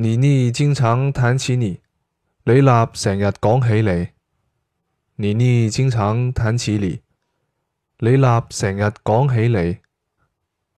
李立經常談起你，李立成日講起你。李立經常談起你，李立成日講起你。